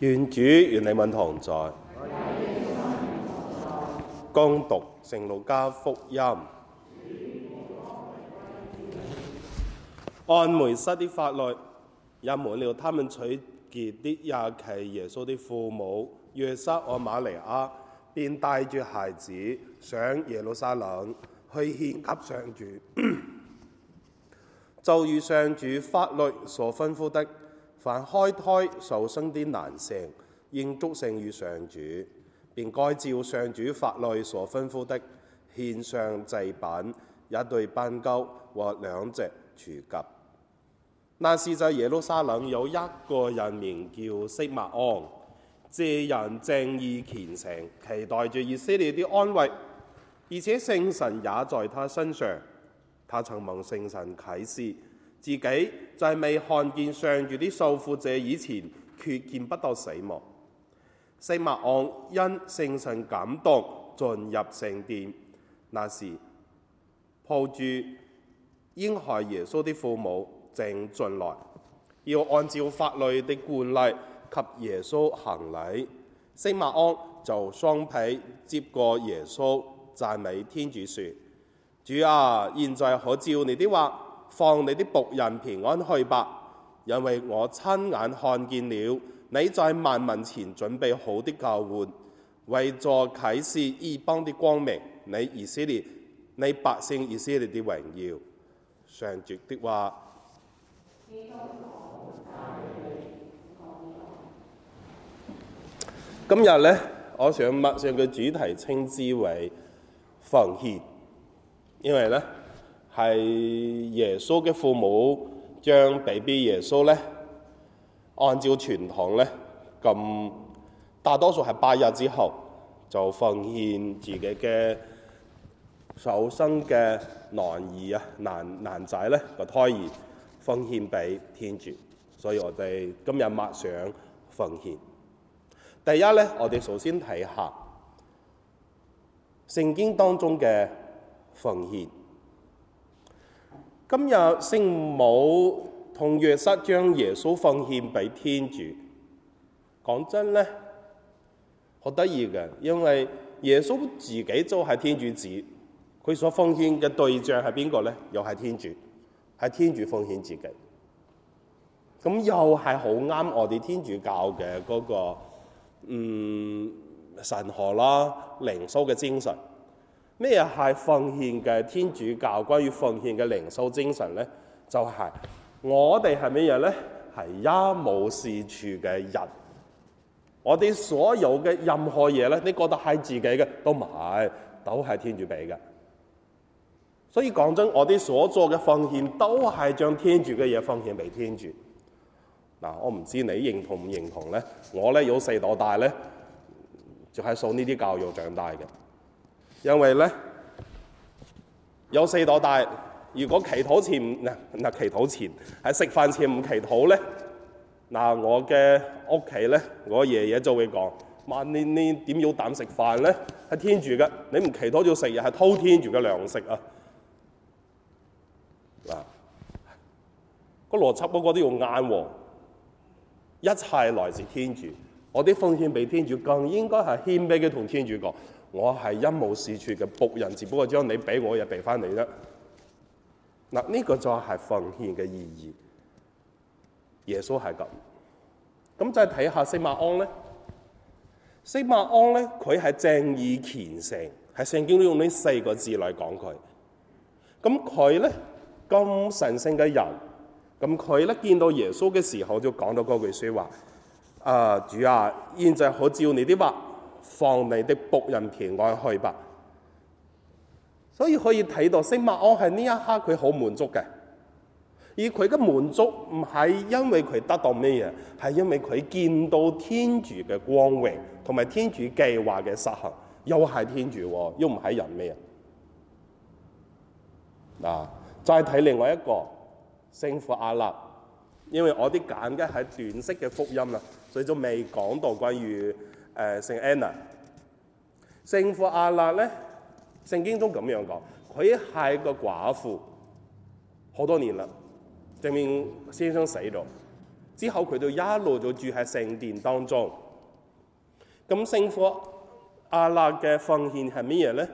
願主與你們同在，恭讀《聖路加福音》，按梅瑟的法律，一滿了他們取潔的日期，耶穌的父母約瑟和瑪利亞，便帶住孩子上耶路撒冷去獻給上主，咳咳，就如上主法律所吩咐的。凡開胎受生啲男性，應祝聖於上主，便該照上主法律所吩咐的，獻上祭品，一對斑鳩或兩隻雛鴿。那時，在耶路撒冷有一個人名叫西默盎，這人正義虔誠，期待住以色列啲安慰，而且聖神也在他身上，他曾蒙聖神啟示。自己就係未看見上主啲受傅者以前，決見不到死亡。西默盎因聖神感動，進入聖殿，那時抱住嬰孩耶穌啲父母正進來，要按照法律的慣例給耶穌行禮。西默盎就雙臂接過耶穌，讚美天主説：主啊，現在可照你啲話。放你啲僕人平安去吧，因為我親眼看見了你在萬民前準備好的救援，為作啟示異邦的光明，你以色列，你百姓以色列的榮耀。上主的話。今日呢，我想物上嘅主題稱之為奉獻，因為呢。係耶穌嘅父母將 BB 耶穌咧，按照傳統咧，咁大多數係八日之後，就奉獻自己嘅首生嘅男兒啊，男男仔咧，個胎兒奉獻俾天主，所以我哋今日默想奉獻。第一咧，我哋首先睇下聖經當中嘅奉獻。今日聖母同約瑟將耶穌奉獻俾天主，講真咧，好得意嘅，因為耶穌自己就係天主子，佢所奉獻嘅對象係邊個咧？又係天主，係天主奉獻自己。咁又係好啱我哋天主教嘅嗰個嗯神學啦、靈修嘅精神。咩係奉獻嘅天主教？關於奉獻嘅靈修精神咧，就係、是、我哋係咩嘢咧？係一無是處嘅人。我哋所有嘅任何嘢咧，你覺得係自己嘅都唔係，都係天主俾嘅。所以講真，我哋所做嘅奉獻都係將天主嘅嘢奉獻俾天主。嗱、嗯，我唔知你認同唔認同咧。我咧有細到大咧，就係、是、受呢啲教育長大嘅。因為咧有四朵大，如果祈禱前嗱嗱祈禱前係食飯前唔祈禱咧，嗱我嘅屋企咧，我爺爺就會講：，萬年你點要膽食飯咧？係天主嘅，你唔祈禱就食嘢係偷天主嘅糧食啊！嗱、那，個邏輯嗰個都要硬喎、哦，一切來自天主，我啲奉獻俾天主，更應該係謙卑佢同天主講。我係一無是處嘅僕人，只不過將你俾我又俾翻你啫。嗱，呢個就係奉獻嘅意義。耶穌係咁，咁再睇下西馬安咧。西馬安咧，佢係正義虔誠，係聖經用呢四個字嚟講佢。咁佢咧咁神聖嘅人，咁佢咧見到耶穌嘅時候就講到嗰句説話：，啊、呃、主啊，現在可照你啲話。放你的僕人田外去吧，所以可以睇到聖馬安喺呢一刻佢好滿足嘅，而佢嘅滿足唔係因為佢得到咩嘢，係因為佢見到天主嘅光榮同埋天主計劃嘅實行，又係天主、啊，又唔係人咩嘢？嗱，再睇另外一個聖父阿納，因為我啲揀嘅係短式嘅福音啦，所以就未講到關於。誒、呃，姓安娜，聖父阿納咧，聖經中咁樣講，佢係個寡婦，好多年啦，證明先生死咗之後，佢就一路就住喺聖殿當中。咁聖父阿納嘅奉獻係乜嘢咧？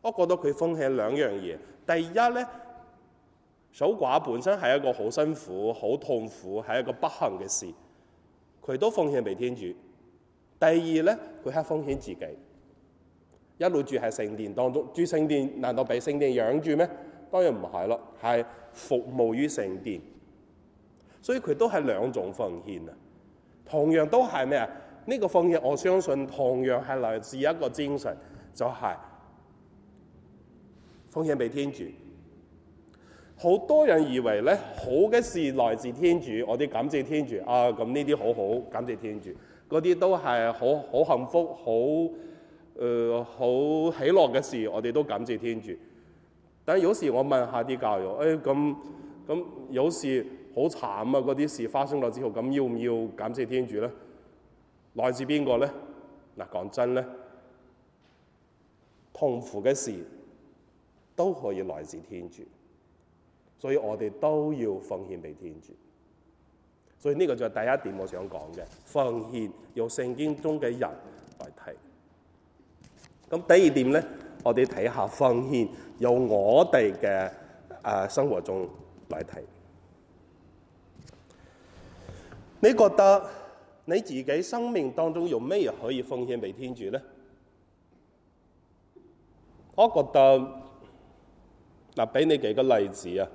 我覺得佢奉獻兩樣嘢。第一咧，守寡本身係一個好辛苦、好痛苦、係一個不幸嘅事，佢都奉獻俾天主。第二咧，佢係奉獻自己，一路住喺聖殿當中住聖殿，難道俾聖殿養住咩？當然唔係咯，係服務於聖殿。所以佢都係兩種奉獻啊，同樣都係咩啊？呢個奉獻，我相信同樣係來自一個精神，就係奉獻俾天主。好多人以為咧，好嘅事來自天主，我哋感謝天主啊！咁呢啲好好，感謝天主。嗰啲都係好好幸福、好誒好喜樂嘅事，我哋都感謝天主。但有時我問下啲教友，誒咁咁有時好慘啊！嗰啲事發生咗之後，咁要唔要感謝天主咧？來自邊個咧？嗱，講真咧，痛苦嘅事都可以來自天主，所以我哋都要奉獻俾天主。所以呢個就係第一點我想講嘅奉獻，由聖經中嘅人來提。咁第二點咧，我哋睇下奉獻由我哋嘅誒生活中嚟提。你覺得你自己生命當中有咩可以奉獻俾天主咧？我覺得嗱，俾你幾個例子啊。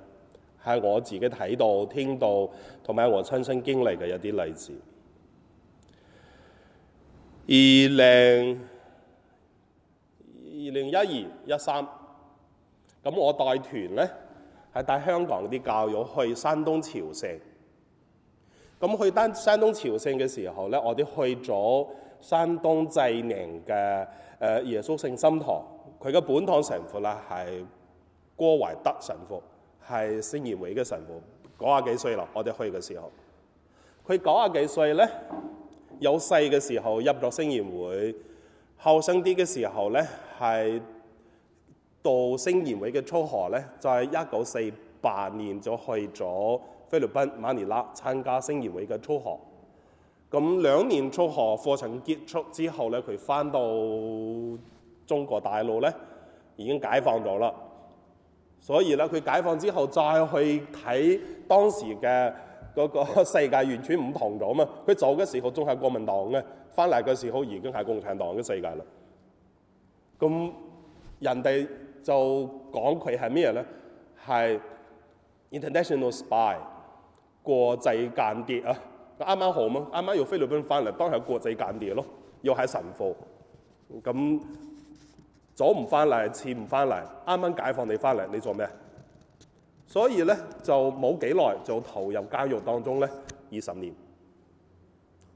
係我自己睇到、聽到同埋我親身經歷嘅一啲例子。二零二零一二一三，咁我帶團咧，係帶香港啲教友去山東朝聖。咁去丹山東朝聖嘅時候咧，我哋去咗山東濟寧嘅誒耶穌聖心堂。佢嘅本堂神父咧，係郭懷德神父。係聖言會嘅神父，九啊幾歲咯。我哋去嘅時候，佢九啊幾歲咧。有細嘅時候入咗聖言會，後生啲嘅時候咧，係到聖言會嘅初學咧，就係一九四八年就去咗菲律賓馬尼拉參加聖言會嘅初學。咁兩年初學課程結束之後咧，佢返到中國大陸咧，已經解放咗啦。所以啦，佢解放之後再去睇當時嘅嗰個世界完全唔同咗嘛。佢走嘅時候仲係國民黨嘅，翻嚟嘅時候已經係共產黨嘅世界啦。咁人哋就講佢係咩咧？係 International Spy，國際間諜啊。啱啱好嘛，啱啱由菲律賓翻嚟，當係國際間諜咯，又係神父咁。早唔翻嚟，遲唔翻嚟，啱啱解放你翻嚟，你做咩？所以咧就冇幾耐就投入監獄當中咧，二十年。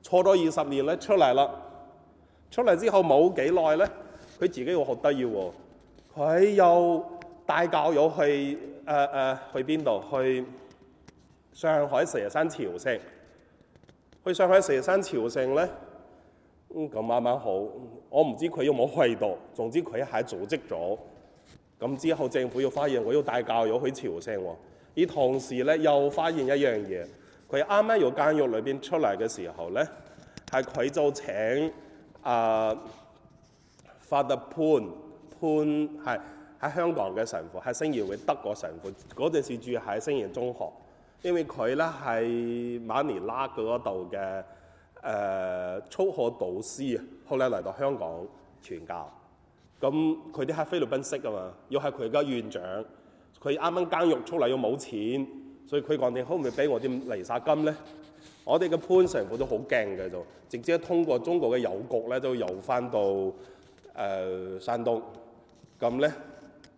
錯咗二十年咧出嚟啦，出嚟之後冇幾耐咧，佢自己又學得意喎，佢又帶教友去誒誒、呃呃、去邊度？去上海佘山朝聖，去上海佘山朝聖咧。咁啱啱好，我唔知佢有冇去到，總之佢係組織咗。咁之後政府要發現我要帶教友去朝聖，又去潮汕。而同時咧，又發現一樣嘢，佢啱啱由監獄裏邊出嚟嘅時候咧，係佢就請啊 Father 潘，潘係喺香港嘅神父，係聖言會德國神父。嗰陣時住喺聖言中學，因為佢咧係馬尼拉嗰度嘅。誒、呃，粗學導師後屘嚟到香港傳教，咁佢啲喺菲律賓識啊嘛，要係佢家院長，佢啱啱監獄出嚟又冇錢，所以佢講，你可唔可以俾我啲彌撒金咧？我哋嘅潘神父都好驚嘅就，直接通過中國嘅郵局咧都郵翻到誒、呃、山東，咁咧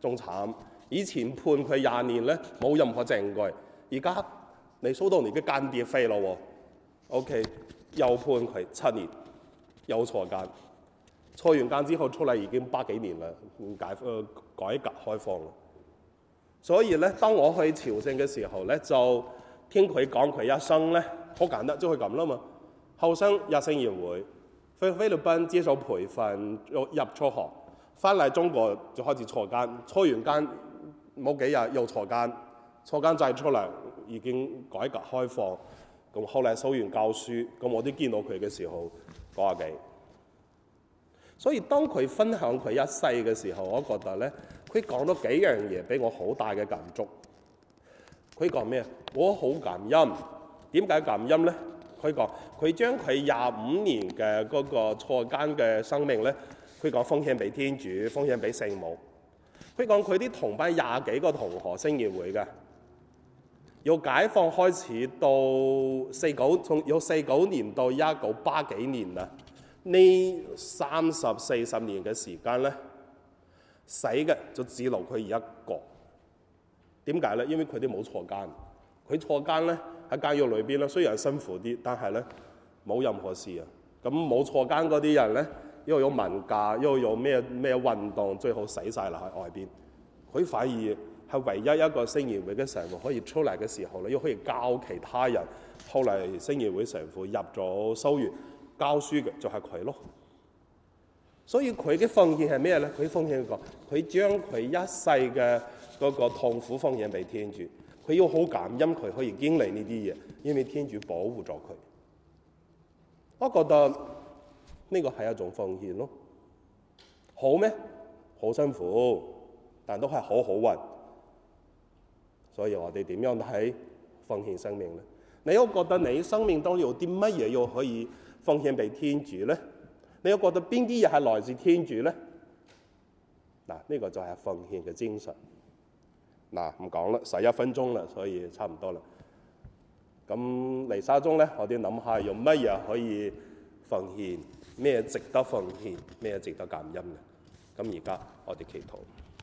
仲慘，以前判佢廿年咧冇任何證據，而家你收到年嘅間諜費咯喎、哦、，OK。又判佢七年，又坐監，坐完監之後出嚟已經八幾年啦，解誒改革開放啦。所以咧，當我去朝聖嘅時候咧，就聽佢講佢一生咧，好簡單就，就係咁啦嘛。後生入聖賢會，去菲律賓接受培訓，入入初學，翻嚟中國就開始坐監，坐完監冇幾日又坐監，坐監再出嚟已經改革開放。咁後嚟收完教書，咁我都見到佢嘅時候九十幾。所以當佢分享佢一世嘅時候，我覺得咧，佢講咗幾樣嘢俾我好大嘅感觸。佢講咩？我好感恩。點解感恩咧？佢講佢將佢廿五年嘅嗰個錯間嘅生命咧，佢講奉獻俾天主，奉獻俾聖母。佢講佢啲同班廿幾個同學星業會嘅。由解放開始到四九，從有四九年到一九八幾年啦。呢三十四十年嘅時間咧，死嘅就只留佢一個。點解咧？因為佢哋冇坐監，佢坐監咧喺監獄裏邊咧，雖然辛苦啲，但係咧冇任何事啊。咁冇坐監嗰啲人咧，因為有文教，又有咩咩運動，最好死晒啦喺外邊，佢反而。係唯一一個星業會嘅神父可以出嚟嘅時候咧，又可以教其他人。後嚟星業會神父入咗修院教書嘅就係佢咯。所以佢嘅奉獻係咩咧？佢奉獻個佢將佢一世嘅嗰個痛苦奉獻俾天主，佢要好感恩佢可以經歷呢啲嘢，因為天主保護咗佢。我覺得呢個係一種奉獻咯。好咩？好辛苦，但都係好好運。所以我哋點樣睇奉獻生命咧？你又覺得你生命當中有啲乜嘢又可以奉獻俾天主咧？你又覺得邊啲嘢係來自天主咧？嗱，呢個就係奉獻嘅精神。嗱，唔講啦，十一分鐘啦，所以差唔多啦。咁彌撒中咧，我哋諗下用乜嘢可以奉獻，咩值得奉獻，咩值，值得感恩嘅。咁而家我哋祈禱。